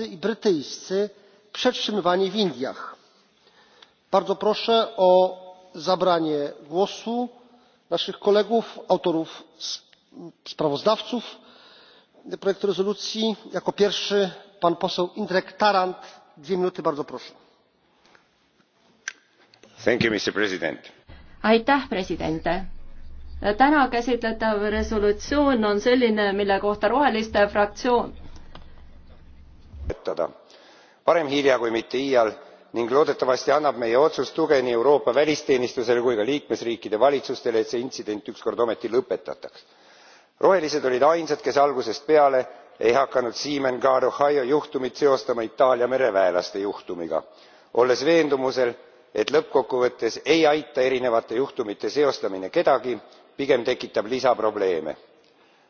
irlandzcy i brytyjscy przetrzymywani w indiach. bardzo proszę o zabranie głosu naszych kolegów autorów sprawozdawców projektu rezolucji. jako pierwszy pan poseł indrek tarand dwie minuty bardzo proszę. aitäh president! täna käsitletav resolutsioon on selline mille kohta roheliste fraktsioon toetada parem hilja kui mitte iial ning loodetavasti annab meie otsus tuge nii euroopa välisteenistusele kui ka liikmesriikide valitsustele et see intsident ükskord ometi lõpetataks. rohelised olid ainsad kes algusest peale ei hakanud siemens guard ohio juhtumit seostama itaalia mereväelaste juhtumiga olles veendumusel et lõppkokkuvõttes ei aita erinevate juhtumite seostamine kedagi pigem tekitab lisaprobleeme.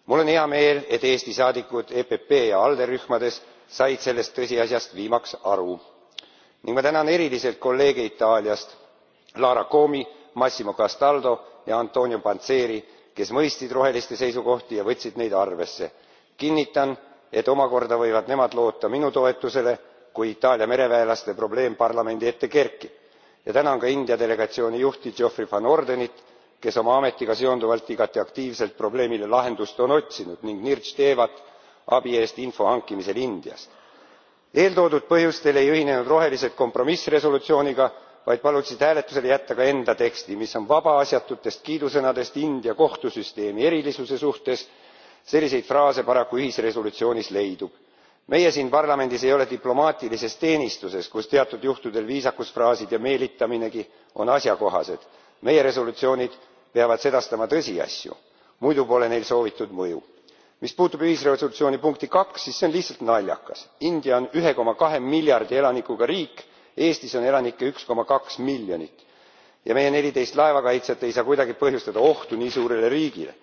mul on hea meel et eesti saadikud epp ja alde rühmades said sellest tõsiasjast viimaks aru ning ma tänan eriliselt kolleege itaaliast lara comi massimo castaldo ja antonio panzeri kes mõistsid roheliste seisukohti ja võtsid neid arvesse. kinnitan et omakorda võivad nemad loota minu toetusele kui itaalia mereväelaste probleem parlamendi ette kerkib ja tänan ka india delegatsiooni juhti geoffrey van ordenit kes oma ametiga seonduvalt igati aktiivselt probleemile lahendust on otsinud ning nirj devat abi eest info hankimisel indiast. eeltoodud põhjustel ei ühinenud rohelised kompromissresolutsiooniga vaid palusid hääletusele jätta ka enda teksti mis on vaba asjatutest kiidusõnadest india kohtusüsteemi erilisuse suhtes selliseid fraase paraku ühisresolutsioonis leidub. meie siin parlamendis ei ole diplomaatilises teenistuses kus teatud juhtudel viisakusfraasid ja meelitaminegi on asjakohased meie resolutsioonid peavad sedastama tõsiasju muidu pole neil soovitud mõju mis puutub ühisresolutsiooni punkti siis see on lihtsalt naljakas india on 1 miljardi elanikuga riik eestis on elanikke 1 miljonit ja meie 14 laevakaitsjat ei saa kuidagi põhjustada ohtu nii suurele riigile.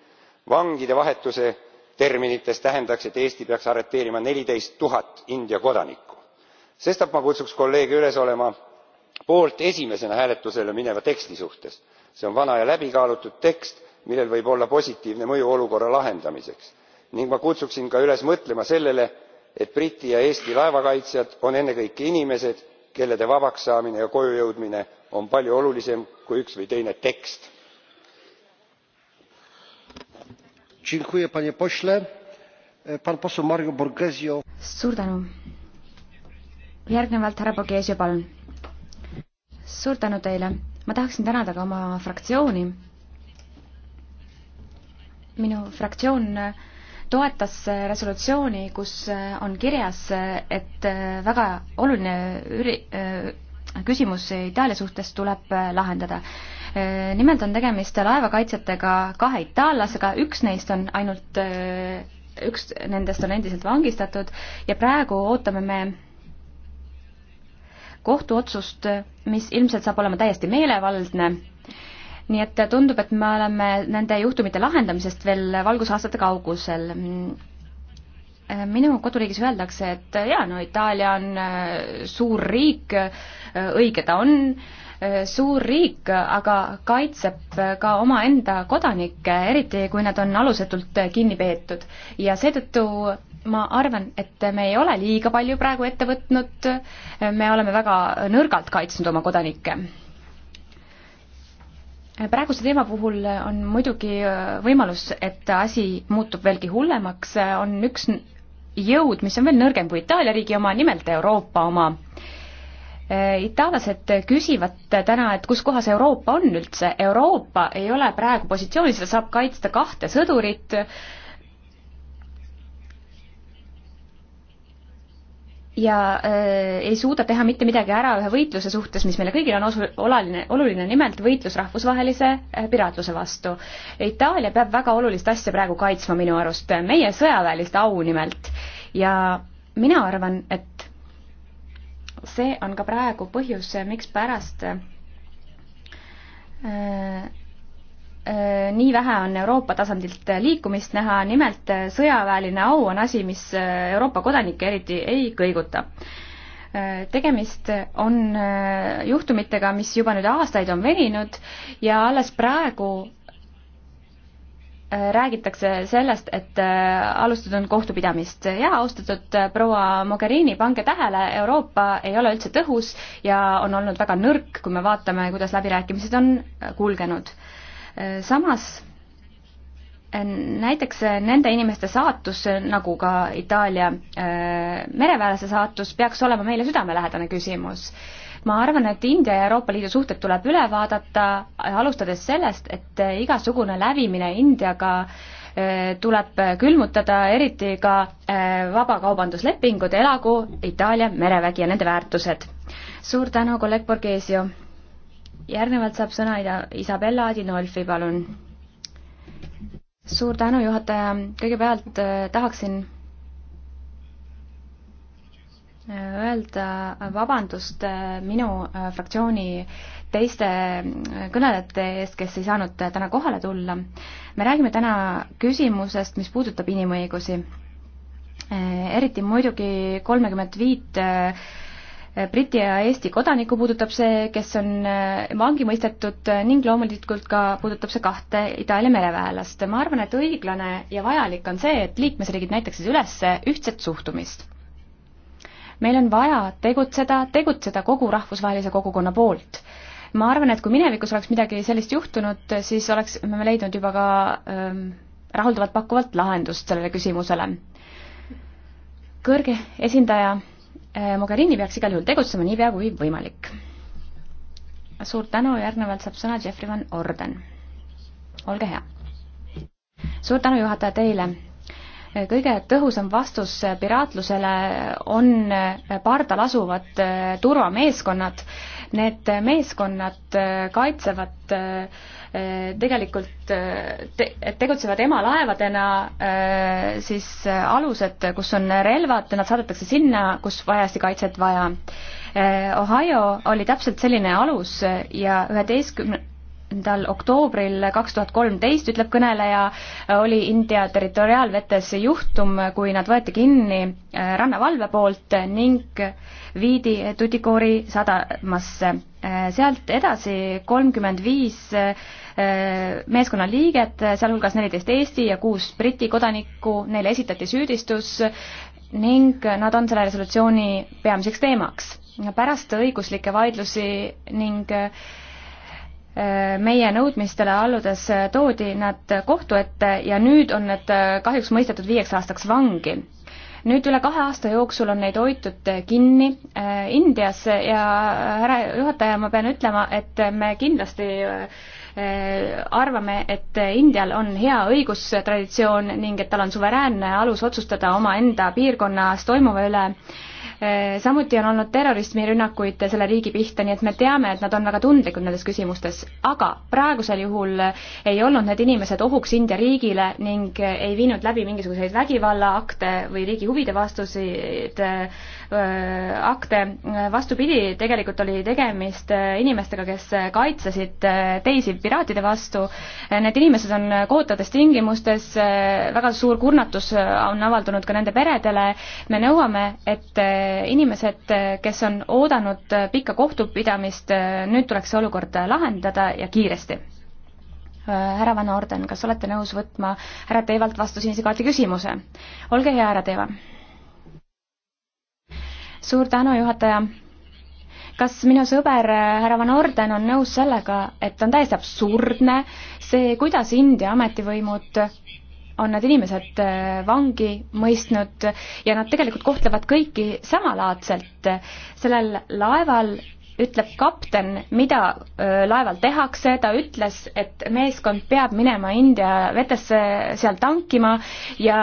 vangide vahetuse terminites tähendaks et eesti peaks arreteerima 1 india kodanikku. sestap ma kutsuks kolleege üles olema poolt esimesena hääletusele mineva teksti suhtes. see on vana ja läbikaalutud tekst millel võib olla positiivne mõju olukorra lahendamiseks ning ma kutsuksin ka üles mõtlema sellele et briti ja eesti laevakaitsjad on ennekõike inimesed kellede vabaks saamine ja koju jõudmine on palju olulisem kui üks või teine tekst. suur tänu! järgnevalt härra borghezio palun! suur tänu teile! ma tahaksin tänada ka oma fraktsiooni. minu fraktsioon toetas resolutsiooni, kus on kirjas, et väga oluline üri-, äh, küsimus Itaalia suhtes tuleb äh, lahendada. Äh, nimelt on tegemist laevakaitsjatega kahe itaallasega, üks neist on ainult, üks nendest on endiselt vangistatud ja praegu ootame me kohtuotsust, mis ilmselt saab olema täiesti meelevaldne nii et tundub, et me oleme nende juhtumite lahendamisest veel valgusaastate kaugusel minu koduriigis öeldakse, et jaa, no Itaalia on äh, suur riik, äh, õige ta on, äh, suur riik, aga kaitseb ka omaenda kodanikke, eriti kui nad on alusetult kinni peetud. ja seetõttu ma arvan, et me ei ole liiga palju praegu ette võtnud, me oleme väga nõrgalt kaitsnud oma kodanikke praeguse teema puhul on muidugi äh, võimalus, et asi muutub veelgi hullemaks, äh, on üks jõud, mis on veel nõrgem kui Itaalia riigi oma, nimelt Euroopa oma. Äh, itaallased küsivad täna, et kus kohas Euroopa on üldse, Euroopa ei ole praegu positsioonis, seda saab kaitsta kahte sõdurit, ja äh, ei suuda teha mitte midagi ära ühe võitluse suhtes, mis meile kõigile on osu-, olaline, oluline, nimelt võitlus rahvusvahelise äh, piraatluse vastu. Itaalia peab väga olulist asja praegu kaitsma minu arust, meie sõjaväelist au nimelt. ja mina arvan, et see on ka praegu põhjus, mikspärast äh, Äh, nii vähe on Euroopa tasandilt liikumist näha, nimelt äh, sõjaväeline au on asi, mis äh, Euroopa kodanikke eriti ei kõiguta. tegemist on juhtumitega, mis juba nüüd aastaid on veninud ja alles praegu räägitakse sellest, et alustatud on kohtupidamist ja austatud proua Mogherini, pange tähele, Euroopa ei ole üldse tõhus ja on olnud väga nõrk, kui me vaatame, kuidas läbirääkimised on kulgenud samas näiteks nende inimeste saatus, nagu ka Itaalia äh, mereväelase saatus, peaks olema meile südamelähedane küsimus. ma arvan, et India ja Euroopa Liidu suhted tuleb üle vaadata, alustades sellest, et igasugune lävimine Indiaga äh, tuleb külmutada, eriti ka äh, vabakaubanduslepingud, elagu Itaalia merevägi ja nende väärtused. suur tänu, kolleeg Borghesio! järgnevalt saab sõna Ida-, Isabella Adinolfi, palun. suur tänu, juhataja, kõigepealt äh, tahaksin äh, öelda vabandust äh, minu fraktsiooni teiste kõnelejate eest, kes ei saanud täna kohale tulla. me räägime täna küsimusest, mis puudutab inimõigusi. eriti muidugi kolmekümmet viit Briti ja Eesti kodanikku puudutab see, kes on vangi eh, mõistetud eh, ning loomulikult ka puudutab see kahte Itaalia mereväelast. ma arvan, et õiglane ja vajalik on see, et liikmesriigid näitaksid üles ühtset suhtumist. meil on vaja tegutseda, tegutseda kogu rahvusvahelise kogukonna poolt. ma arvan, et kui minevikus oleks midagi sellist juhtunud, siis oleks me leidnud juba ka ähm, rahuldavalt pakkuvat lahendust sellele küsimusele. kõrge esindaja Eh, Mogherini peaks igal juhul tegutsema niipea kui võimalik. suur tänu, järgnevalt saab sõna Jeffrey Van Orden. olge hea. suur tänu, juhataja, teile eh, kõige tõhusam vastus eh, piraatlusele on pardal asuvad turvameeskonnad Need meeskonnad äh, kaitsevad äh, tegelikult äh, te,, tegutsevad emalaevadena siis alused, kus on relvad, nad saadetakse sinna, kus vajasti kaitset vaja. Ohio oli täpselt selline alus ja üheteistkümne Tal oktoobril kaks tuhat kolmteist, ütleb kõneleja, oli India territoriaalvetes juhtum, kui nad võeti kinni äh, rannavalve poolt ning viidi Tutikoori sadamasse. Äh, sealt edasi kolmkümmend viis äh, meeskonna liiget, sealhulgas neliteist Eesti ja kuus Briti kodanikku, neile esitati süüdistus ning nad on selle resolutsiooni peamiseks teemaks. pärast õiguslikke vaidlusi ning äh, meie nõudmistele alludes toodi nad kohtu ette ja nüüd on need äh, kahjuks mõistetud viieks aastaks vangi. nüüd üle kahe aasta jooksul on neid hoitud kinni äh, Indias ja äh, härra juhataja, ma pean ütlema, et me kindlasti arvame, et Indial on hea õigustraditsioon ning et tal on suveräänne alus otsustada omaenda piirkonnas toimuva üle Eh, samuti on olnud terrorismirünnakuid selle riigi pihta, nii et me teame, et nad on väga tundlikud nendes küsimustes, aga praegusel juhul eh, ei olnud need inimesed ohuks India riigile ning eh, ei viinud läbi mingisuguseid vägivallaakte või riigi huvide vastuseid Äh, akte, vastupidi, tegelikult oli tegemist äh, inimestega, kes äh, kaitsesid teisi piraatide vastu. Need inimesed on kohutavates tingimustes, väga suur kurnatus on avaldunud ka nende peredele. me nõuame, et inimesed, kes on oodanud pikka kohtupidamist, nüüd tuleks see olukord lahendada ja kiiresti härra Van Orden, kas olete nõus võtma härra Teivalt vastu sinise kaardi küsimuse? olge hea, härra Teiva suur tänu, juhataja. kas minu sõber äh, härra Van Orden on nõus sellega, et on täiesti absurdne see, kuidas India ametivõimud on need inimesed äh, vangi mõistnud ja nad tegelikult kohtlevad kõiki samalaadselt. sellel laeval ütleb kapten, mida laeval tehakse, ta ütles, et meeskond peab minema India vetesse seal tankima ja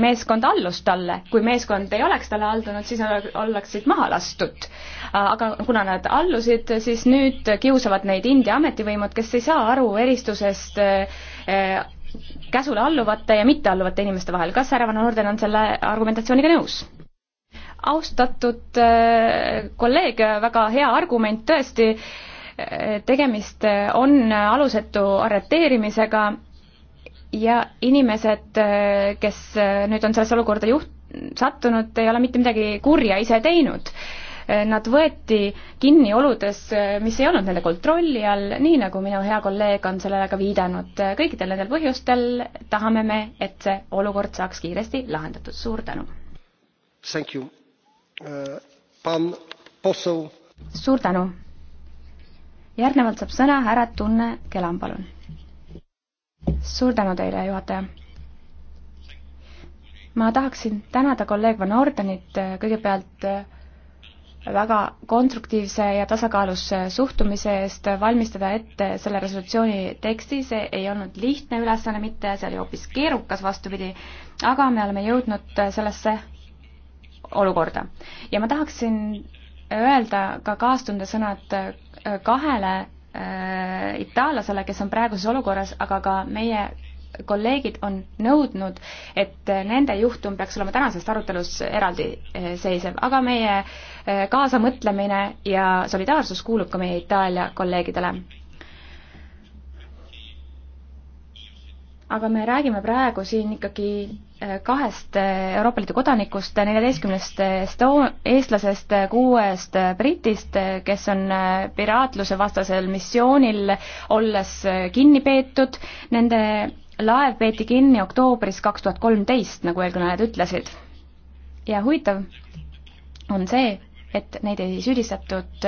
meeskond allus talle. kui meeskond ei oleks talle aldunud, siis ollaksid maha lastud. aga kuna nad allusid, siis nüüd kiusavad neid India ametivõimud, kes ei saa aru eristusest käsule alluvate ja mittealluvate inimeste vahel. kas härra Van Orden on selle argumentatsiooniga nõus? austatud äh, kolleeg, väga hea argument tõesti, äh, tegemist äh, on alusetu arreteerimisega ja inimesed, kes nüüd on sellesse olukorda juht-, sattunud, ei ole mitte midagi kurja ise teinud. Nad võeti kinni oludes, mis ei olnud nende kontrolli all, nii nagu minu hea kolleeg on sellele ka viidanud. kõikidel nendel põhjustel tahame me, et see olukord saaks kiiresti lahendatud. suur tänu! Thank you. E, suur tänu. järgnevalt saab sõna härra Tunne Kelam, palun. suur tänu teile, juhataja. ma tahaksin tänada kolleeg Van Ordenit e, kõigepealt e, väga konstruktiivse ja tasakaalus suhtumise eest valmistada ette selle resolutsiooni teksti, see ei olnud lihtne ülesanne mitte, see oli hoopis keerukas, vastupidi, aga me oleme jõudnud sellesse olukorda. ja ma tahaksin öelda ka kaastunde sõnad äh, kahele äh, itaallasele, kes on praeguses olukorras, aga ka meie kolleegid on nõudnud, et äh, nende juhtum peaks olema tänasest arutelust eraldiseisev, äh, aga meie kaasamõtlemine ja solidaarsus kuulub ka meie Itaalia kolleegidele. aga me räägime praegu siin ikkagi kahest Euroopa Liidu kodanikust, neljateistkümnest esto-, eestlasest, kuuest britist, kes on piraatluse vastasel missioonil olles kinni peetud. Nende laev peeti kinni oktoobris kaks tuhat kolmteist, nagu eelkõnelejad ütlesid. ja huvitav on see, et neid ei süüdistatud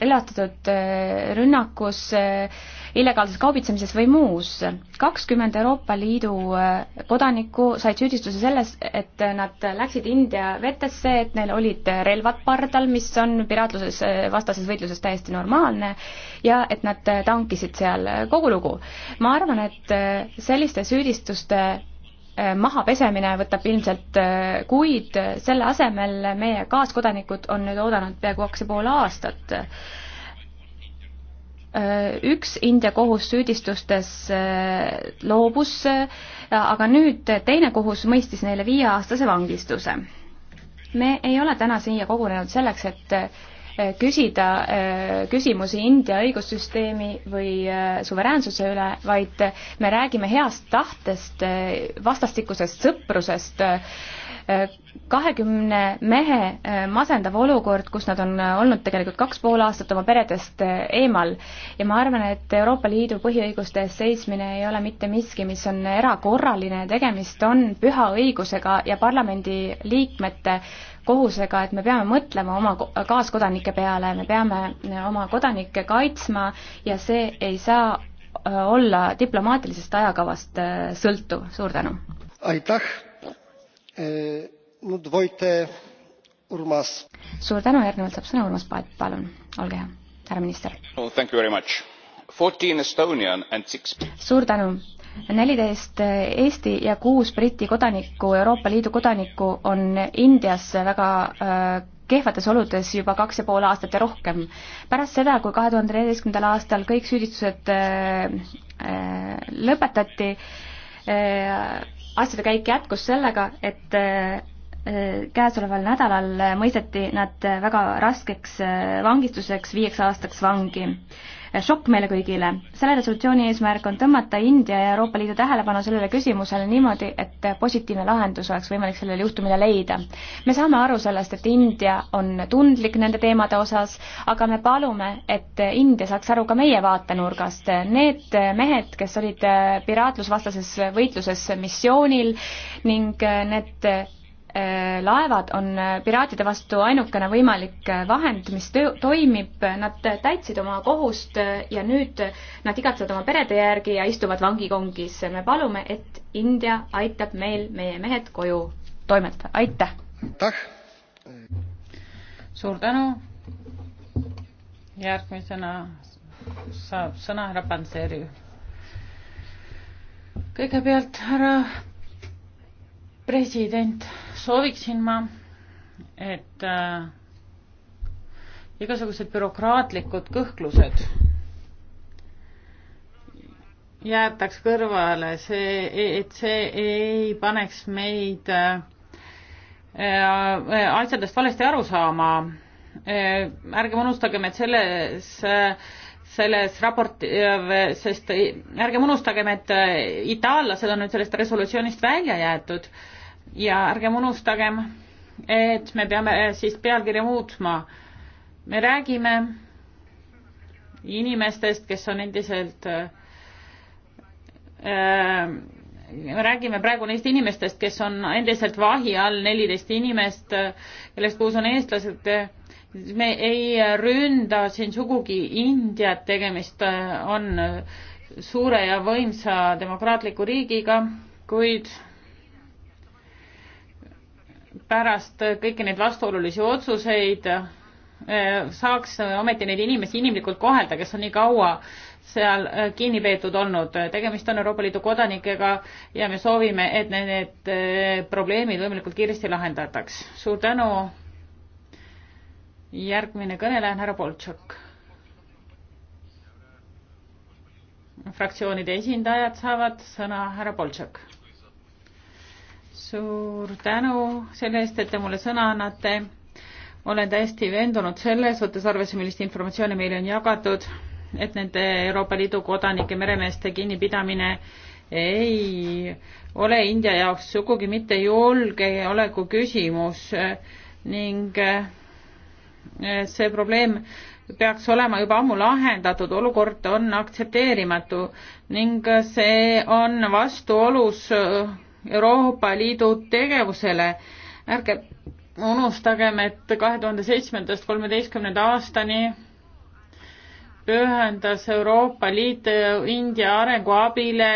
relvatatud äh, äh, rünnakus, äh, illegaalses kaubitsemises või muus. kakskümmend Euroopa Liidu kodanikku said süüdistuse selles, et nad läksid India vetesse, et neil olid relvad pardal, mis on piraatluses, vastases võitluses täiesti normaalne, ja et nad tankisid seal, kogu lugu. ma arvan, et selliste süüdistuste Äh, maha pesemine võtab ilmselt äh, kuid, selle asemel meie kaaskodanikud on nüüd oodanud peaaegu kaks ja pool aastat. Äh, üks India kohus süüdistustes loobus, aga nüüd teine kohus mõistis neile viieaastase vangistuse. me ei ole täna siia kogunenud selleks, et Eh, küsida eh, küsimusi India õigussüsteemi või eh, suveräänsuse üle, vaid me räägime heast tahtest, vastastikusest sõprusest, kahekümne mehe masendav olukord, kus nad on olnud tegelikult kaks pool aastat oma peredest eemal ja ma arvan, et Euroopa Liidu põhiõiguste eest seismine ei ole mitte miski, mis on erakorraline, tegemist on püha õigusega ja parlamendi liikmete äh, kohusega, et me peame mõtlema oma kaaskodanike peale, me peame äh, oma kodanikke kaitsma ja see ei saa äh, olla diplomaatilisest ajakavast äh, sõltuv, suur tänu. aitäh, nüüd võite Urmas. suur tänu, järgnevalt saab sõna Urmas Paet, palun, olge hea, härra minister no,. suur tänu neliteist Eesti ja kuus Briti kodanikku, Euroopa Liidu kodanikku on Indias väga äh, kehvates oludes juba kaks ja pool aastat ja rohkem. pärast seda, kui kahe tuhande neljateistkümnendal aastal kõik süüdistused äh, äh, lõpetati, asjade käik jätkus sellega, et käesoleval nädalal mõisteti nad väga raskeks vangistuseks viieks aastaks vangi šokk meile kõigile. selle resolutsiooni eesmärk on tõmmata India ja Euroopa Liidu tähelepanu sellele küsimusele niimoodi, et positiivne lahendus oleks võimalik sellele juhtumile leida. me saame aru sellest, et India on tundlik nende teemade osas, aga me palume, et India saaks aru ka meie vaatenurgast. Need mehed, kes olid piraatlusvastases võitluses missioonil ning need Äh, laevad on äh, piraatide vastu ainukene võimalik äh, vahend, mis töö, toimib, nad täitsid oma kohust ja nüüd nad igatsevad oma perede järgi ja istuvad vangikongis. me palume, et India aitab meil meie mehed koju toimetada, aitäh! suur tänu! järgmisena saab sõna härra Panseri. kõigepealt härra president, sooviksin ma, et äh, igasugused bürokraatlikud kõhklused jäetaks kõrvale, see, et see ei paneks meid äh, äh asjadest valesti aru saama äh,. ärgem unustagem, et selles äh, selles raporti, äh, sest ärgem unustagem, et äh, itaallased on nüüd sellest resolutsioonist välja jäetud ja ärgem unustagem, et me peame äh, siis pealkirja muutma. me räägime inimestest, kes on endiselt me räägime praegu neist inimestest, kes on endiselt vahi all, neliteist inimest, kellest kuus on eestlased me ei ründa siin sugugi Indiat, tegemist äh, on äh, suure ja võimsa demokraatliku riigiga, kuid pärast kõiki neid vastuolulisi otsuseid äh, saaks ometi neid inimesi inimlikult kohelda, kes on nii kaua seal kinni peetud olnud. tegemist on Euroopa Liidu kodanikega ja me soovime, et need probleemid võimalikult kiiresti lahendataks. suur tänu järgmine kõneleja on härra Boltšak. fraktsioonide esindajad saavad sõna, härra Boltšak. suur tänu selle eest, et te mulle sõna annate. olen täiesti veendunud selles, võttes arvesse, millist informatsiooni meile on jagatud, et nende Euroopa Liidu kodanike meremeeste kinnipidamine ei ole India jaoks sugugi mitte julgeoleku küsimus ning äh, Eh, see probleem peaks olema juba ammu lahendatud, olukord on aktsepteerimatu ning see on vastuolus eh, Euroopa Liidu tegevusele. ärge unustagem, et kahe tuhande seitsmendast kolmeteistkümnenda aastani pühendas Euroopa Liit eh, India arenguabile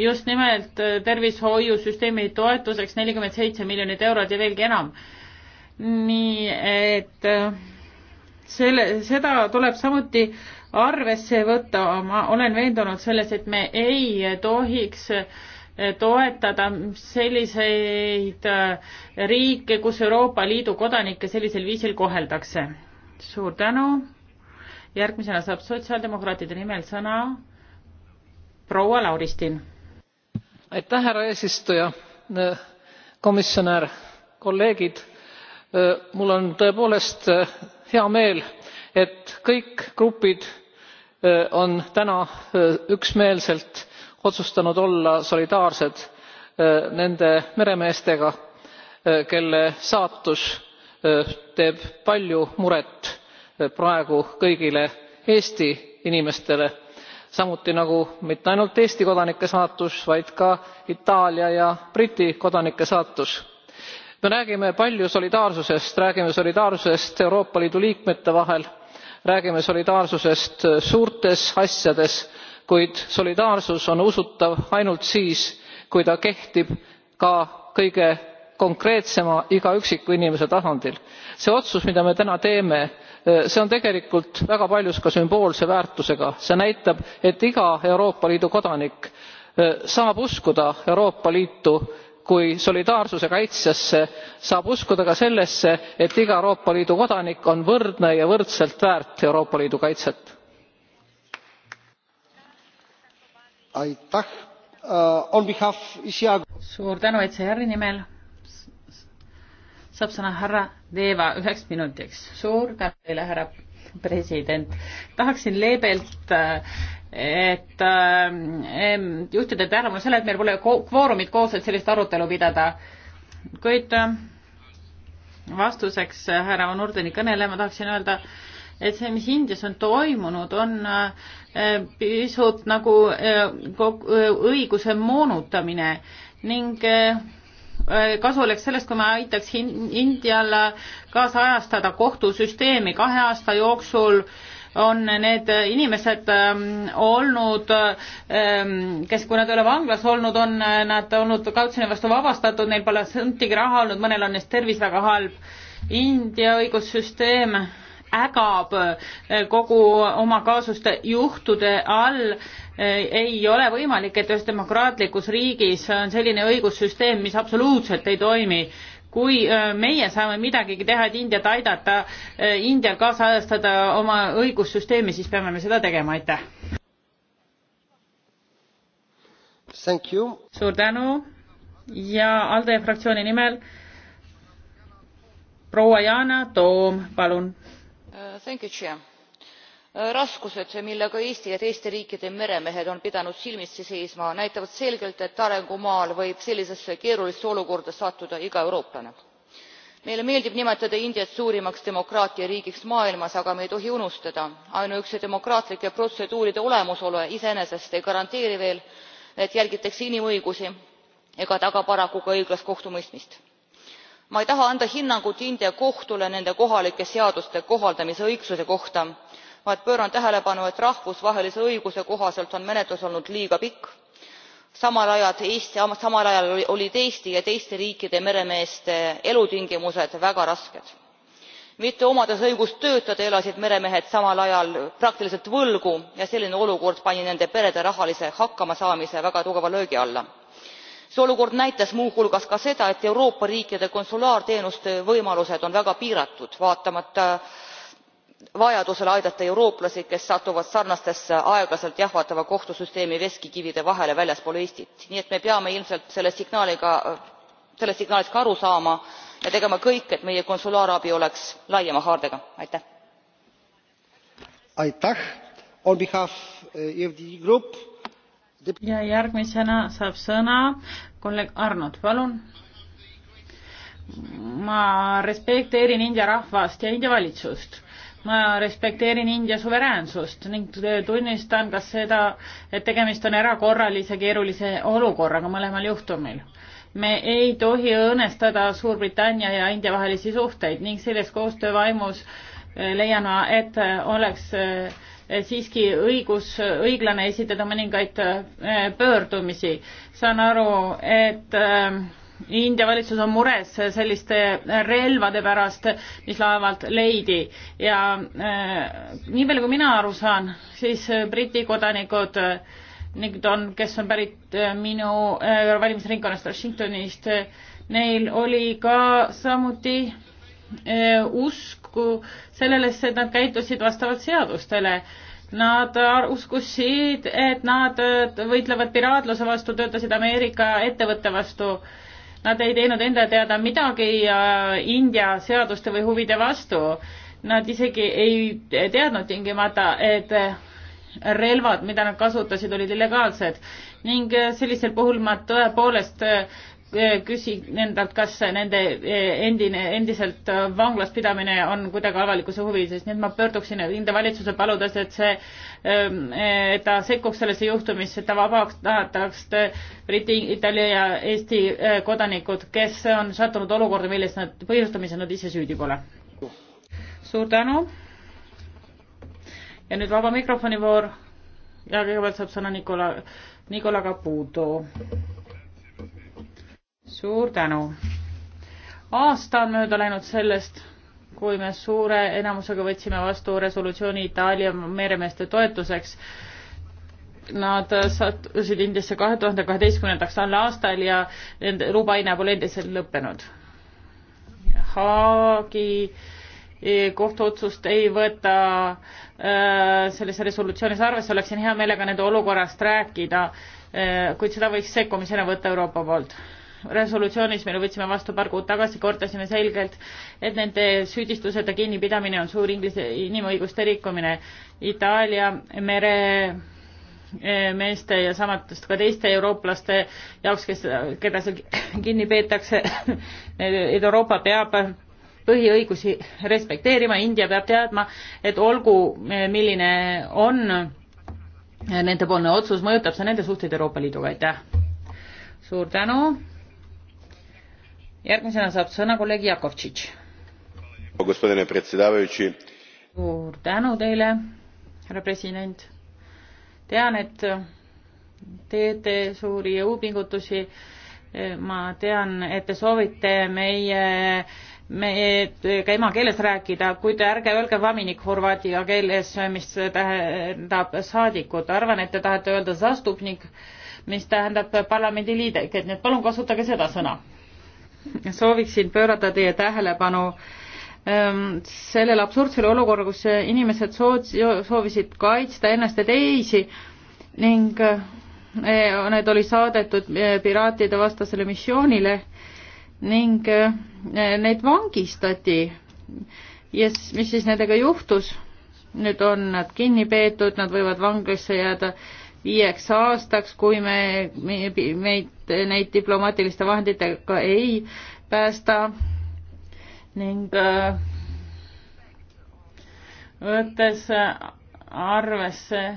just nimelt äh, tervishoiusüsteemi toetuseks nelikümmend seitse miljonit eurot ja veelgi enam. nii et äh, selle, seda tuleb samuti arvesse võtta, ma olen veendunud selles, et me ei tohiks äh, toetada selliseid riike, kus Euroopa Liidu kodanikke sellisel viisil koheldakse. suur tänu, järgmisena saab sotsiaaldemokraatide nimel sõna proua Lauristin. aitäh, härra eesistuja, komisjonär, kolleegid. mul on tõepoolest hea meel, et kõik grupid on täna üksmeelselt otsustanud olla solidaarsed nende meremeestega kelle saatus teeb palju muret praegu kõigile eesti inimestele samuti nagu mitte ainult eesti kodanike saatus vaid ka itaalia ja briti kodanike saatus. me räägime palju solidaarsusest räägime solidaarsusest euroopa liidu liikmete vahel räägime solidaarsusest suurtes asjades kuid solidaarsus on usutav ainult siis kui ta kehtib ka kõige konkreetsema iga üksiku inimese tasandil. see otsus mida me täna teeme eh, see on tegelikult väga paljus ka sümboolse väärtusega see näitab et iga euroopa liidu kodanik eh, saab uskuda euroopa liitu kui solidaarsuse kaitsjasse saab uskuda ka sellesse et iga euroopa liidu kodanik on võrdne ja võrdselt väärt euroopa liidu kaitset. Eh, suur tänu ecr nimel! saab sõna härra Deva üheks minutiks. suur tänu teile, härra president. tahaksin leebelt äh, et äh, juhtida tähelepanu sellele, et meil pole kvoorumit koos, et sellist arutelu pidada. kuid äh, vastuseks härra Van Ordeni kõnele ma tahaksin öelda, et see, mis Indias on toimunud, on äh, pisut nagu õiguse moonutamine ning Äh, kasu oleks sellest, kui me aitaks Indial kaasajastada kohtusüsteemi kahe aasta jooksul on need inimesed ähm, olnud, ähm, kes, kui nad ei ole vanglas olnud, on äh, nad olnud kautsjoni vastu vabastatud, neil pole sõntigi raha olnud, mõnel on neist tervis väga halb. India õigussüsteem ägab äh, kogu oma kaasuste juhtude all ei ole võimalik, et ühes demokraatlikus riigis on selline õigussüsteem, mis absoluutselt ei toimi. kui äh, meie saame midagigi teha, et Indiat aidata, äh, Indial kaasajastada oma õigussüsteemi, siis peame me seda tegema, aitäh. suur tänu ja ALDE fraktsiooni nimel proua Yana Toom, palun uh, raskused millega eesti ja teiste riikide meremehed on pidanud silmitsi seisma näitavad selgelt et arengumaal võib sellisesse keerulisse olukorda sattuda iga eurooplane. meile meeldib nimetada indiat suurimaks demokraatiariigiks maailmas aga me ei tohi unustada ainuüksi demokraatlike protseduuride olemasolu iseenesest ei garanteeri veel et järgitakse inimõigusi ega taga paraku ka õiglast kohtumõistmist. ma ei taha anda hinnangut india kohtule nende kohalike seaduste kohaldamise õigsuse kohta vaid pööran tähelepanu et rahvusvahelise õiguse kohaselt on menetlus olnud liiga pikk samal ajal olid eesti ja teiste riikide meremeeste elutingimused väga rasked. mitte omades õigust töötada elasid meremehed samal ajal praktiliselt võlgu ja selline olukord pani nende perede rahalise hakkamasaamise väga tugeva löögi alla. see olukord näitas muu hulgas ka seda et euroopa riikide konsulaarteenuste võimalused on väga piiratud vaatamata vajadusel aidata eurooplasi kes satuvad sarnastesse aeglaselt jahvatava kohtusüsteemi veskikivide vahele väljaspool eestit. nii et me peame ilmselt sellest signaalist ka aru saama ja tegema kõik et meie konsulaarabi oleks laiema haardega. Eh, ja järgmisena saab sõna kolleeg arnold palun. ma respekteerin india rahvast ja india valitsust ma respekteerin India suveräänsust ning tunnistan ka seda, et tegemist on erakorralise keerulise olukorraga mõlemal juhtumil. me ei tohi õõnestada Suurbritannia ja India vahelisi suhteid ning selles koostöövaimus eh, leian ma, et eh, oleks eh, siiski õigus, õiglane esitada mõningaid pöördumisi. saan aru, et India valitsus on mures selliste relvade pärast, mis laevalt leidi ja äh, nii palju, kui mina aru saan, siis äh, Briti kodanikud äh, Need on, kes on pärit äh, minu äh, valimisringkonnast Washingtonist, neil oli ka samuti äh, usku sellesse, et nad käitusid vastavalt seadustele Nad uskusid, et nad võitlevad piraatluse vastu, töötasid Ameerika ettevõtte vastu Nad ei teinud enda teada midagi äh, India seaduste või huvide vastu. Nad isegi ei teadnud tingimata, et äh, relvad, mida nad kasutasid, olid illegaalsed ning äh, sellisel puhul ma tõepoolest Eh, küsin endalt, kas nende eh, endine, endiselt eh, vanglas pidamine on kuidagi avalikkuse huvides, nii et ma pöörduksin enda valitsuse paludes, et see, ehm, et ta sekkuks sellesse jõhtumisse, et ta vabaks tahetaks Briti, Itaalia ja Eesti kodanikud, kes on sattunud olukorda, milles nad, põhjustamises nad ise süüdi pole. suur tänu. ja nüüd vaba mikrofoni voor ja kõigepealt saab sõna Nikola, Nikola Caputo suur tänu. aasta on mööda läinud sellest, kui me suure enamusega võtsime vastu resolutsiooni Itaalia meremeeste toetuseks. Nad sattusid Indiasse kahe tuhande kaheteistkümnendaks aastal ja nende lubahinna pole endiselt lõppenud. Haagi e, kohtuotsust ei võta e, selles resolutsioonis arvesse, oleksin hea meelega nende olukorrast rääkida, e, kuid seda võiks sekkumisena võtta Euroopa poolt resolutsioonis, mille võtsime vastu paar kuud tagasi, kordasime selgelt, et nende süüdistuseta kinnipidamine on suur inglise inimõiguste rikkumine. Itaalia meremeeste eh, ja samatust ka teiste eurooplaste jaoks, kes, keda seal kinni peetakse, et Euroopa peab põhiõigusi respekteerima, India peab teadma, et olgu, eh, milline on eh, nendepoolne otsus, mõjutab see nende suhteid Euroopa Liiduga, aitäh! suur tänu! järgmisena saab sõna kolleeg Jakovtšitš. suur tänu teile, härra president. tean, et teete suuri jõupingutusi. ma tean, et te soovite meie me, ka emakeeles rääkida, kuid ärge öelge vaminik horvaatia keeles, mis tähendab saadikut, arvan, et te tahate öelda zastupnik, mis tähendab parlamendi liidet, nii et palun kasutage seda sõna sooviksin pöörata teie tähelepanu ähm, sellele absurdsele olukorra, kus inimesed soovisid kaitsta ennast ja teisi ning äh, need oli saadetud äh, piraatide vastasele missioonile ning äh, neid vangistati. ja yes, mis siis nendega juhtus? nüüd on nad kinni peetud, nad võivad vanglasse jääda viieks aastaks, kui me, me, meid neid diplomaatiliste vahenditega ei päästa ning äh, võttes arvesse äh,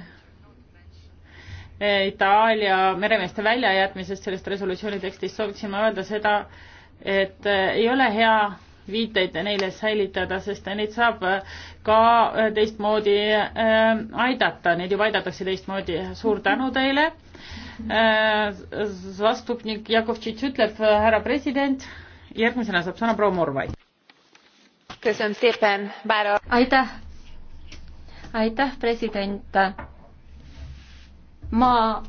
Itaalia meremeeste väljajätmisest sellest resolutsiooni tekstist, sooviksin ma öelda seda, et äh, ei ole hea viiteid neile säilitada, sest neid saab äh, ka äh, teistmoodi äh, aidata, neid juba aidatakse teistmoodi. suur tänu teile. vastupnik Jakovtšitš ütleb, härra president, järgmisena saab sõna proua Morvai. aitäh, aitäh, president. ma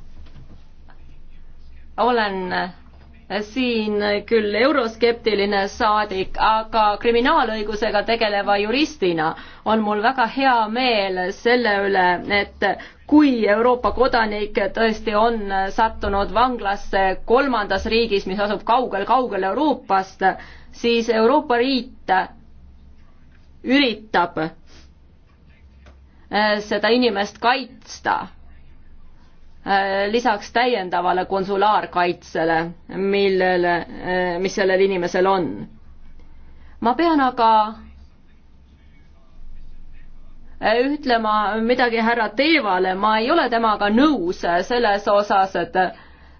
olen siin küll euroskeptiline saadik, aga kriminaalõigusega tegeleva juristina on mul väga hea meel selle üle, et kui Euroopa kodanik tõesti on sattunud vanglasse kolmandas riigis, mis asub kaugel-kaugel Euroopast, siis Euroopa Liit üritab eh, seda inimest kaitsta Äh, lisaks täiendavale konsulaarkaitsele, millele, äh, mis sellel inimesel on. ma pean aga äh, ütlema midagi härra Teevale, ma ei ole temaga nõus selles osas, et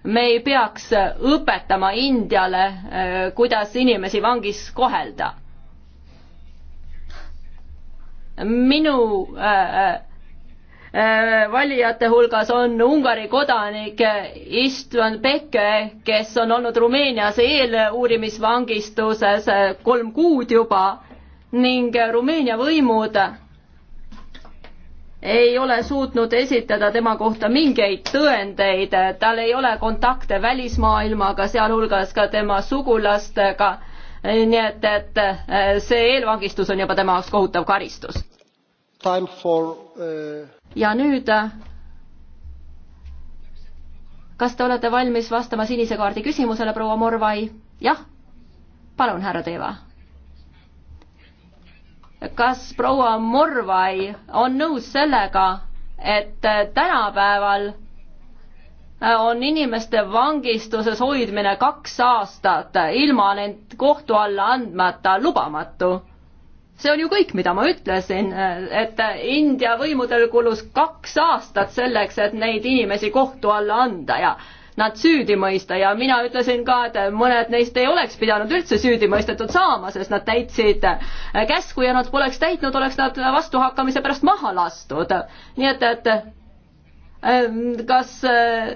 me ei peaks õpetama Indiale, kuidas inimesi vangis kohelda. minu äh, Äh, valijate hulgas on Ungari kodanik Istvan Peke, kes on olnud Rumeenias eeluurimisvangistuses äh, kolm kuud juba ning äh, Rumeenia võimud ei ole suutnud esitada tema kohta mingeid tõendeid, tal ei ole kontakte välismaailmaga, sealhulgas ka tema sugulastega, nii et, et see eelvangistus on juba tema jaoks kohutav karistus. Time for uh ja nüüd, äh, kas te olete valmis vastama sinise kaardi küsimusele, proua Morvai? jah? palun, härra Teeva. kas proua Morvai on nõus sellega, et äh, tänapäeval äh, on inimeste vangistuses hoidmine kaks aastat ilma neid kohtu alla andmata lubamatu? see on ju kõik, mida ma ütlesin, et India võimudel kulus kaks aastat selleks, et neid inimesi kohtu alla anda ja nad süüdi mõista ja mina ütlesin ka, et mõned neist ei oleks pidanud üldse süüdi mõistetud saama, sest nad täitsid käsku ja nad poleks täitnud, oleks nad vastuhakkamise pärast maha lastud. nii et, et ähm, kas äh,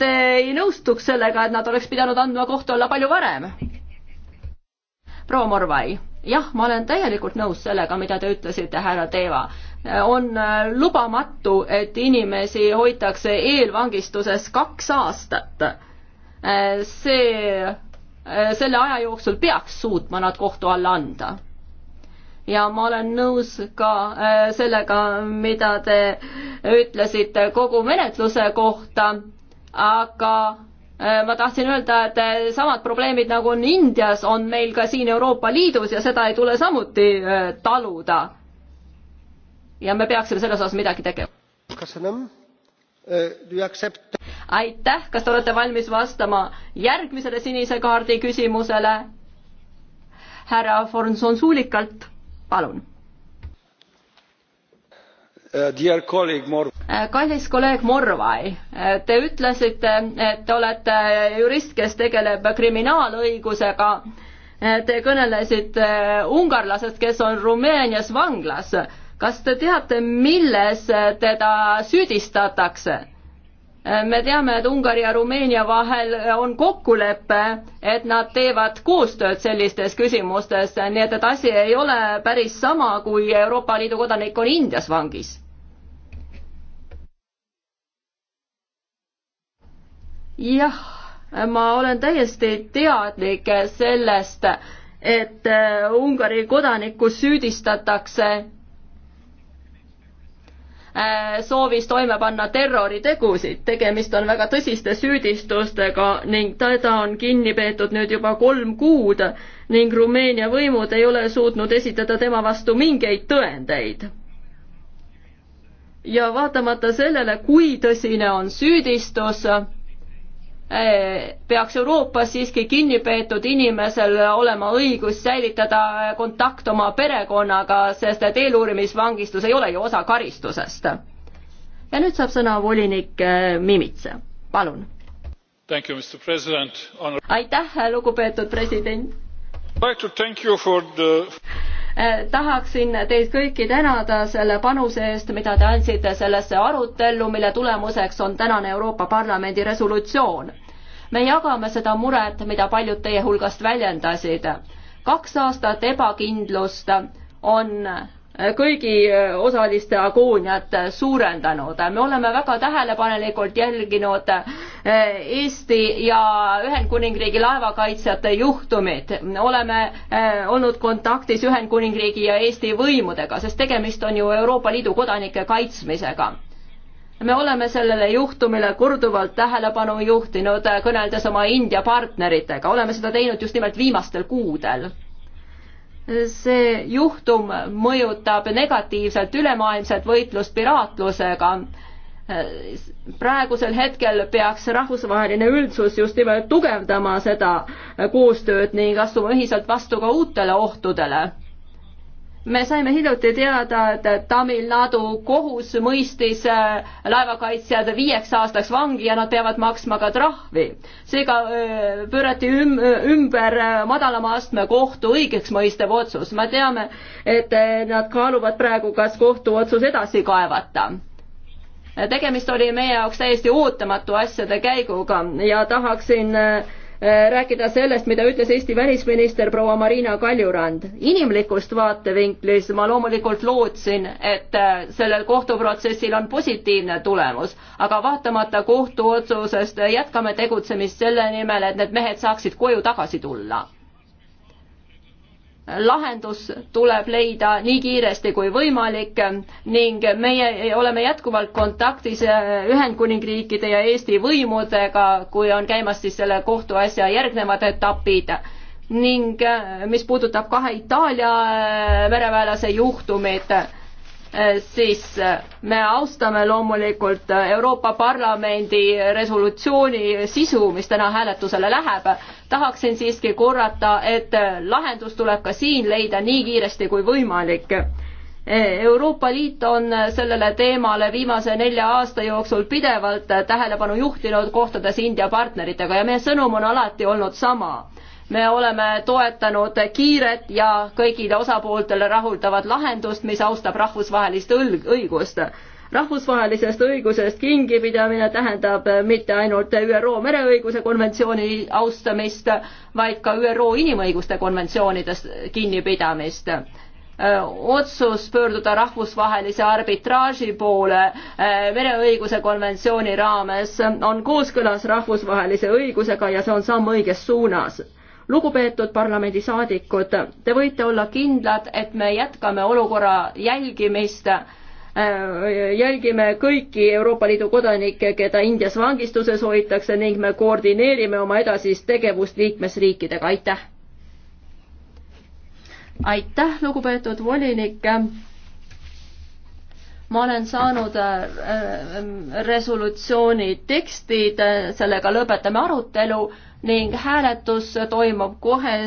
te ei nõustuks sellega, et nad oleks pidanud andma kohtu alla palju varem? proua Morvai jah, ma olen täielikult nõus sellega, mida te ütlesite, härra Teeva. on äh, lubamatu, et inimesi hoitakse eelvangistuses kaks aastat. Äh, see, äh, selle aja jooksul peaks suutma nad kohtu alla anda ja ma olen nõus ka sellega, mida te ütlesite kogu menetluse kohta, aga Äh, ma tahtsin öelda, et äh, samad probleemid nagu on Indias, on meil ka siin Euroopa Liidus ja seda ei tule samuti äh, taluda. ja me peaksime selles osas midagi tegema. aitäh, kas te olete valmis vastama järgmisele sinise kaardi küsimusele? härra Fonsonsulikalt, palun Uh, uh, kallis kolleeg Morvai, uh, te ütlesite, et te olete jurist, kes tegeleb kriminaalõigusega. Te kõnelesite ungarlasest, kes on Rumeenias vanglas. kas te teate, milles teda süüdistatakse? me teame, et Ungari ja Rumeenia vahel on kokkulepe, et nad teevad koostööd sellistes küsimustes, nii et, et asi ei ole päris sama, kui Euroopa Liidu kodanik on Indias vangis. jah, ma olen täiesti teadlik sellest, et äh, Ungari kodanikku süüdistatakse Äh, soovis toime panna terroritegusid. tegemist on väga tõsiste süüdistustega ning teda on kinni peetud nüüd juba kolm kuud ning Rumeenia võimud ei ole suutnud esitada tema vastu mingeid tõendeid. ja vaatamata sellele, kui tõsine on süüdistus, peaks Euroopas siiski kinnipeetud inimesel olema õigus säilitada kontakt oma perekonnaga, sest et eeluurimisvangistus ei ole ju osa karistusest. ja nüüd saab sõna volinik äh, Mimitse, palun. aitäh, lugupeetud president. The... Eh, tahaksin teid kõiki tänada selle panuse eest, mida te andsite sellesse arutellu, mille tulemuseks on tänane Euroopa Parlamendi resolutsioon. me jagame seda muret, mida paljud teie hulgast väljendasid. kaks aastat ebakindlust on kõigi eh, osaliste agooniat suurendanud. me oleme väga tähelepanelikult jälginud äh, Eh, Eesti ja Ühendkuningriigi laevakaitsjate juhtumid. oleme eh, olnud kontaktis Ühendkuningriigi ja Eesti võimudega, sest tegemist on ju Euroopa Liidu kodanike kaitsmisega me oleme sellele juhtumile korduvalt tähelepanu juhtinud, eh, kõneldes oma India partneritega, oleme seda teinud just nimelt viimastel kuudel. see juhtum mõjutab negatiivselt ülemaailmset võitlust piraatlusega praegusel hetkel peaks rahvusvaheline üldsus just nimelt tugevdama seda koostööd ning astuma ühiselt vastu ka uutele ohtudele. me saime hiljuti teada, et Tamil Nadu kohus mõistis äh, laevakaitsjad viieks aastaks vangi ja nad peavad maksma ka trahvi. seega äh, pöörati üm, ümber äh, madalama astme kohtu õigeksmõistev otsus. me teame, et nad kaaluvad praegu, kas kohtuotsus edasi kaevata tegemist oli meie jaoks täiesti ootamatu asjade käiguga ja tahaksin äh, äh, rääkida sellest, mida ütles Eesti välisminister proua Marina Kaljurand. inimlikust vaatevinklis ma loomulikult lootsin, et äh, sellel kohtuprotsessil on positiivne tulemus, aga vaatamata kohtuotsusest jätkame tegutsemist selle nimel, et need mehed saaksid koju tagasi tulla lahendus tuleb leida nii kiiresti kui võimalik ning meie oleme jätkuvalt kontaktis äh, Ühendkuningriikide ja Eesti võimudega, kui on käimas siis selle kohtuasja järgnevad etapid ning äh, mis puudutab kahe Itaalia äh, mereväelase juhtumit Eh, siis eh, me austame loomulikult eh, Euroopa Parlamendi resolutsiooni sisu, mis täna hääletusele läheb. tahaksin siiski korrata, et lahendus tuleb ka siin leida nii kiiresti kui võimalik. Euroopa Liit on sellele teemale viimase nelja aasta jooksul pidevalt tähelepanu juhtinud, kohtades India partneritega ja meie sõnum on alati olnud sama me oleme toetanud kiiret ja kõigile osapooltele rahuldavat lahendust, mis austab rahvusvahelist õigust. rahvusvahelisest õigusest kingipidamine tähendab mitte ainult ÜRO mereõiguse konventsiooni austamist, vaid ka ÜRO inimõiguste konventsioonidest kinnipidamist otsus pöörduda rahvusvahelise arbitraaži poole mereõiguse konventsiooni raames on kooskõlas rahvusvahelise õigusega ja see on samm õiges suunas lugupeetud parlamendisaadikud, te võite olla kindlad, et me jätkame olukorra jälgimist äh, jälgime kõiki Euroopa Liidu kodanikke, keda Indias vangistuses hoitakse ning me koordineerime oma edasist tegevust liikmesriikidega, aitäh! aitäh, lugupeetud volinik! ma olen saanud äh, äh, resolutsiooni tekstid, sellega lõpetame arutelu ning hääletus toimub kohe